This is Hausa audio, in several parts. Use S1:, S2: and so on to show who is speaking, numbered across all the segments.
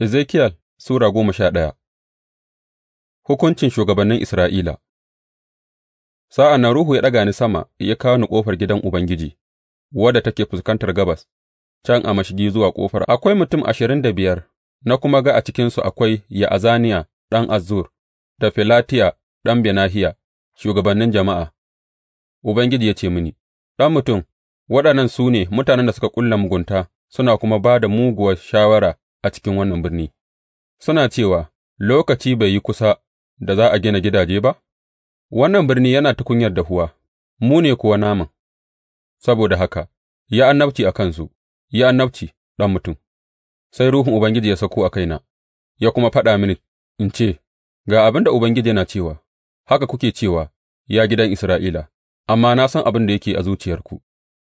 S1: Ezekiel Sura goma sha ɗaya Hukuncin shugabannin Isra'ila Sa'an nan Ruhu ya ɗaga ni sama ya kawo ni ƙofar gidan Ubangiji, wadda take fuskantar gabas, can a mashigi zuwa ƙofar akwai mutum ashirin da biyar, na kuma ga a cikinsu akwai Ya'azaniya ɗan Azur, da Felatiya ɗan Benahiya, shugabannin jama'a. Ubangiji ya ce mini, Ɗan mutum, waɗannan su ne mutanen da suka ƙulla mugunta suna kuma ba da muguwar shawara a cikin wannan birni, suna cewa, Lokaci bai yi kusa da za a gina gidaje ba? Wannan birni yana tukunyar dahuwa, mu ne kuwa naman, saboda haka, ya annabci a kansu, yi annabci, ɗan mutum. Sai Ruhun Ubangiji ya sako a kaina, ya kuma faɗa mini in ce, Ga abin da Ubangiji yana cewa, haka kuke cewa, ya gidan Isra'ila, amma na san abin da yake a zuciyarku,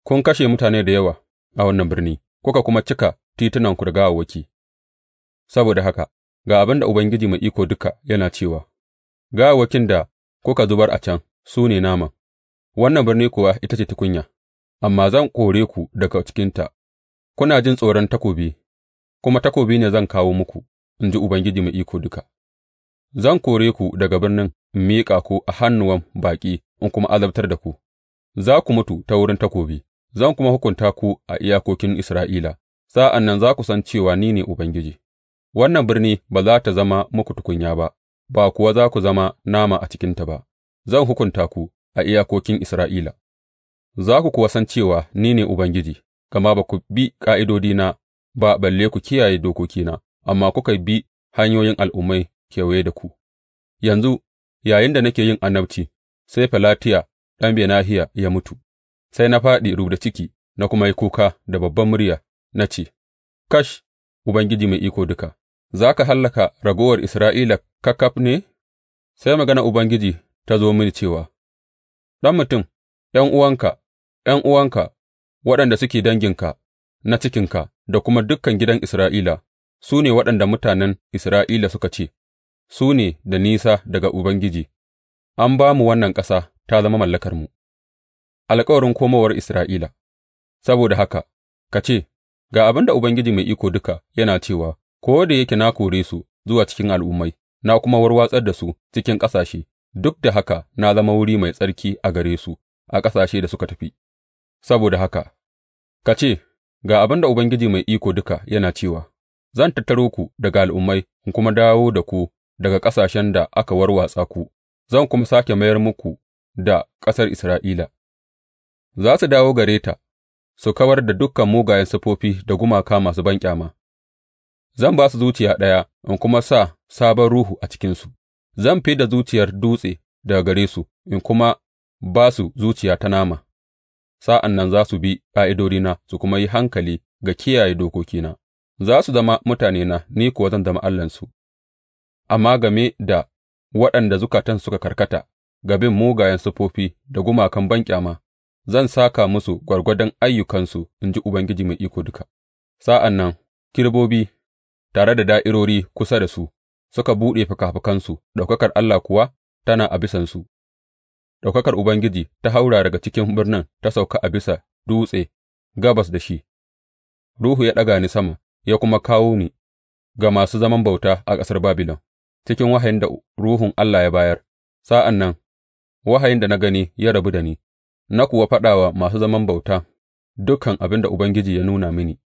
S1: kun kashe mutane da yawa a wannan birni, kuka kuma cika titunanku da gawawwaki. Saboda haka, ga abin da Ubangiji Mai Iko Duka yana cewa, gawakin da kuka zubar a can su ne naman, wannan birni kuwa ita ce tukunya, amma zan kore ku daga cikinta, kuna jin tsoron takobi, kuma takobi ne zan kawo muku, in ji Ubangiji Mai Iko Duka. Zan kore ku daga birnin in miƙa ku a hannuwan baƙi in kuma azabtar da ku, za ku mutu ta wurin takobi, zan kuma hukunta ku a iyakokin Isra'ila, sa'an nan za ku san cewa ni ne Ubangiji. Wannan birni ba za tă zama muku tukunya ba, ba kuwa za ku zama nama a cikinta ba, zan hukunta ku a iyakokin Isra'ila, za ku kuwa san cewa ni ne Ubangiji, gama ba ku bi ƙa'idodina ba balle ku kiyaye dokokina, amma kuka bi hanyoyin al'ummai kewaye da ku. Yanzu, yayin da nake yin annabci, sai Felatiya ɗan Benahiya ya mutu, sai na faɗi rubda ciki na kuma yi kuka da babban murya na ce, Kash, Ubangiji Mai Iko Duka! za ka hallaka ragowar Isra'ila kakaf ne? Sai magana Ubangiji ta zo mini cewa, Ɗan mutum, 'yan uwanka, 'yan uwanka, waɗanda suke danginka na cikinka da kuma dukan gidan Isra'ila, su ne waɗanda mutanen Isra'ila suka ce, Su ne da nisa daga Ubangiji, an ba mu wannan ƙasa ta zama mallakarmu, alkawarin komowar Isra'ila, saboda haka, ka ce, Ga abin da Ubangiji Mai Iko Duka yana cewa. ko da yake na kore su zuwa cikin al'ummai na kuma warwatsar da su cikin ƙasashe, duk da haka na zama wuri mai tsarki a gare su a ƙasashe da suka tafi, saboda haka, ka ce, Ga abin da Ubangiji Mai Iko Duka yana cewa, Zan tattaro ku daga al'ummai in kuma dawo da ku daga ƙasashen da aka warwatsa ku, zan kuma sake mayar muku da ƙasar Isra'ila. Za su dawo gare ta, su kawar da dukkan mugayen siffofi da gumaka masu banƙyama, Zan ba su zuciya ɗaya in kuma sa sabon ruhu a cikinsu; zan fid da zuciyar dutse daga gare su in kuma ba su zuciya ta nama, sa'an nan za su bi ƙa'idodina su kuma yi hankali ga kiyaye dokokina, za su zama mutanena ni kuwa zan zama Allahnsu, amma game da waɗanda zukatansu suka karkata ga bin mugayen siffofi da gumakan banƙyama, zan sāka musu gwargwadon ayyukansu, in ji Ubangiji Mai Iko Duka. Sa'an nan kirbobi tare da da'irori kusa da su, suka buɗe fikafikansu, ɗaukakar Allah kuwa tana a bisansu, ɗaukakar Ubangiji ta haura daga cikin birnin ta sauka a bisa dutse gabas da shi, Ruhu ya ɗaga ni sama, ya kuma kawo ni ga masu zaman bauta a ƙasar Babilon, cikin wahayin da Ruhun Allah ya bayar, sa'an nan wahayin da na gani ya rabu da ni, na kuwa faɗa wa masu zaman bauta dukan abin da Ubangiji ya nuna mini.